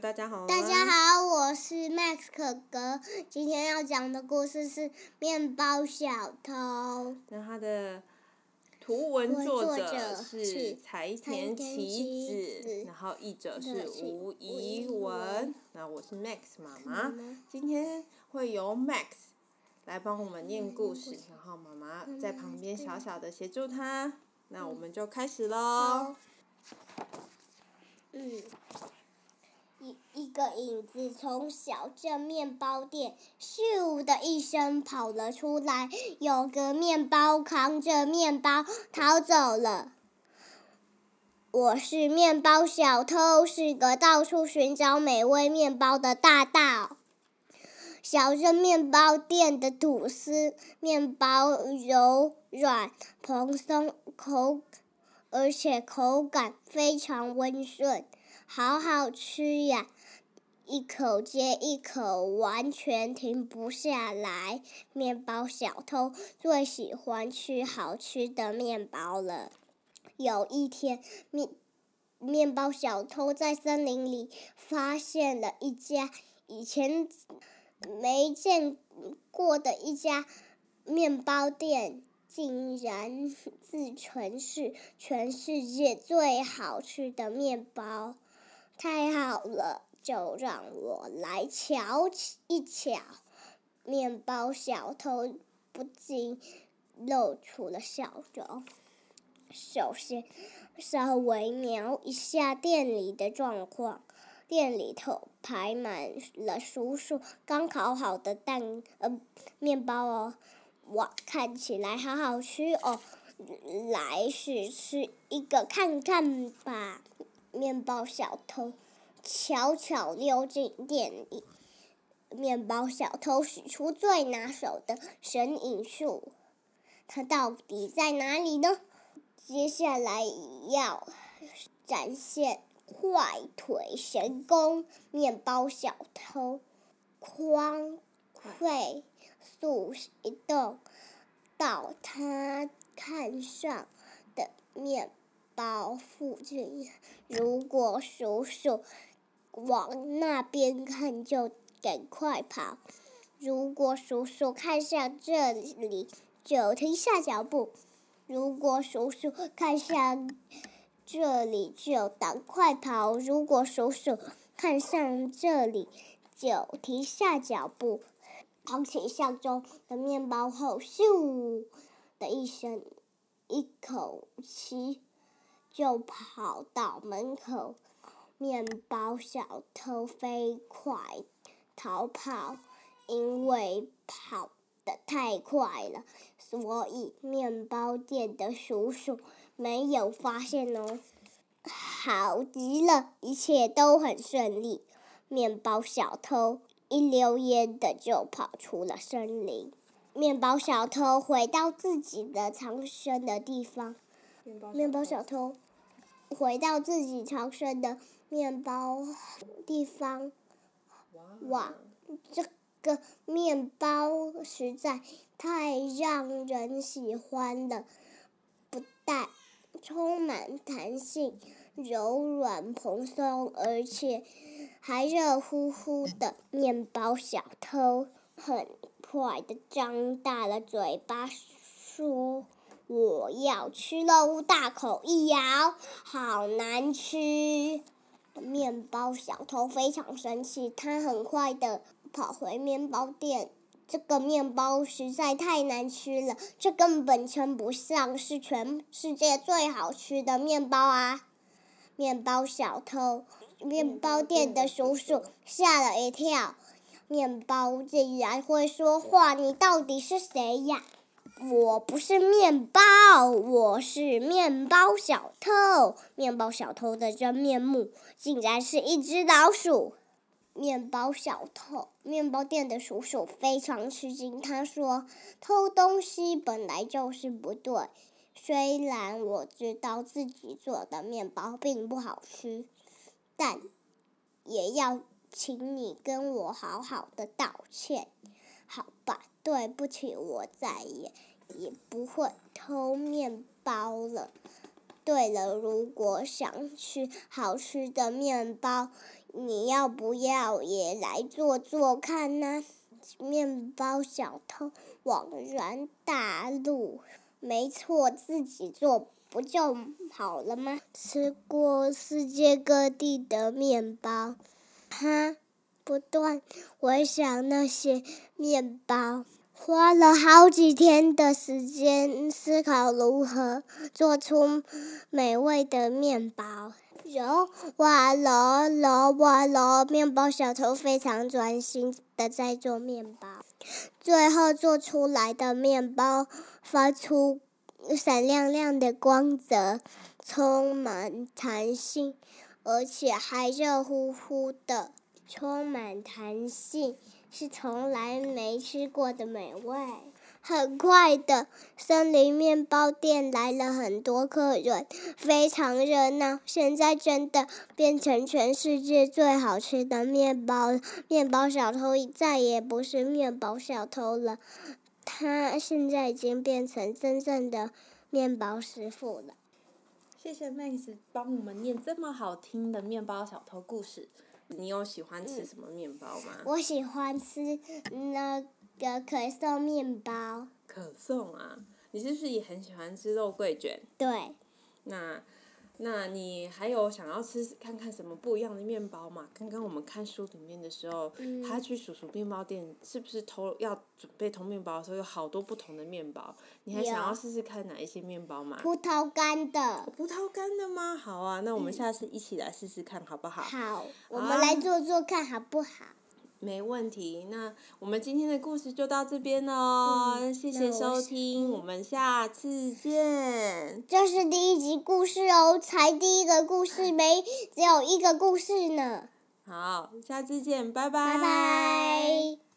大家好！大家好，我是 Max 可哥，今天要講的故事是《麵包小偷》。那它的圖文作者是柴田啟子，啟子，然後譯者是吳怡文。文，那我是 Max 媽媽，嗯、今天會由 Max 來幫我們念故事，嗯、然後媽媽在旁邊小小的協助他。嗯、那我們就開始嘍、嗯。嗯。一一個影子從小鎮麵包店“咻”的一聲跑了出來，有個麵包扛着麵包逃走了。我是麵包小偷，是個到處尋找美味麵包的大盜。小鎮麵包店的吐司麵包柔軟蓬鬆，口感，而且口感非常溫順。好好吃呀，一口接一口，完全停不下來。麵包小偷最喜歡吃好吃的麵包了。有一天，面麵包小偷在森林裡發現了一家以前沒見過的一家麵包店，竟然自稱是全世界最好吃的麵包。太好了，就讓我來瞧一瞧。麵包小偷不禁露出了笑容。首先，稍微瞄一下店裡的狀況。店裡頭排滿了叔叔剛烤好的蛋呃麵包哦，哇，看起來好好吃哦，呃、來試吃一個看看吧。麵包小偷悄悄溜進店裡，麵包小偷使出最拿手的神隱術，他到底在哪裡呢？接下來要展現快腿神功，麵包小偷快快速移動到他看上的麵。保護這樣，如果叔叔往那邊看，就趕快跑；如果叔叔看向這裡，就停下腳步；如果叔叔看向這裡，就趕快跑；如果叔叔看向這裡就，叔叔這裡就停下腳步。扛起箱中的麵包後，咻的一聲，一口氣。就跑到門口，麵包小偷飛快逃跑，因為跑得太快了，所以麵包店的叔叔沒有發現哦。好極了，一切都很順利。麵包小偷一溜煙的就跑出了森林。麵包小偷回到自己的藏身的地方。麵包小偷。回到自己藏身的麵包地方，哇！這個麵包實在太讓人喜歡了，不但充滿彈性、柔軟蓬鬆，而且還熱乎乎的。麵包小偷很快地張大了嘴巴說。我要吃嘍！大口一咬，好難吃！麵包小偷非常生氣，他很快的跑回麵包店。這個麵包實在太難吃了，這根本稱不上是全世界最好吃的麵包啊！麵包小偷，麵包店的叔叔嚇了一跳，麵包竟然會說話，你到底是誰呀？我不是麵包，我是麵包小偷。麵包小偷的真面目竟然是一隻老鼠。麵包小偷，麵包店的叔叔非常吃驚，他說：“偷東西本來就是不對，雖然我知道自己做的麵包並不好吃，但也要請你跟我好好的道歉。”對不起，我再也也不會偷麵包了。對了，如果想吃好吃的麵包，你要不要也來做做看呢，啊？麵包小偷，恍然大悟。沒錯，自己做不就好了嗎？吃過世界各地的麵包，哈，不斷回想那些麵包。花了好幾天的時間思考如何做出美味的麵包。揉，哇揉，揉哇揉，麵包小偷非常專心的在做麵包。最後做出來的麵包發出閃亮亮的光澤，充滿彈性，而且還熱乎乎的，充滿彈性。是從來沒吃過的美味。很快的，森林麵包店來了很多客人，非常熱鬧。現在真的變成全世界最好吃的麵包了。麵包小偷再也不是麵包小偷了，他現在已經變成真正的麵包師傅了。謝謝妹子幫我們念這麼好聽的麵包小偷故事。你有喜歡吃什麼麵包嗎？嗯，我喜歡吃那個可頌麵包。可頌啊，你是不是也很喜歡吃肉桂卷？對。那。那你還有想要吃看看什麼不一樣的麵包嗎？剛剛我們看書裡面的時候，嗯，他去叔叔麵包店，是不是偷要準備偷麵包的時候有好多不同的麵包？你還想要試試看哪一些麵包嗎？葡萄乾的。葡萄乾的嗎？好啊，那我們下次一起來試試看好不好？嗯，好，我們來做做看好不好？啊沒問題，那我們今天的故事就到這邊嘍、哦，嗯、謝謝收聽，我，我們下次見。這是第一集故事哦，才第一個故事沒，只有一個故事呢。好，下次見，拜拜。拜拜。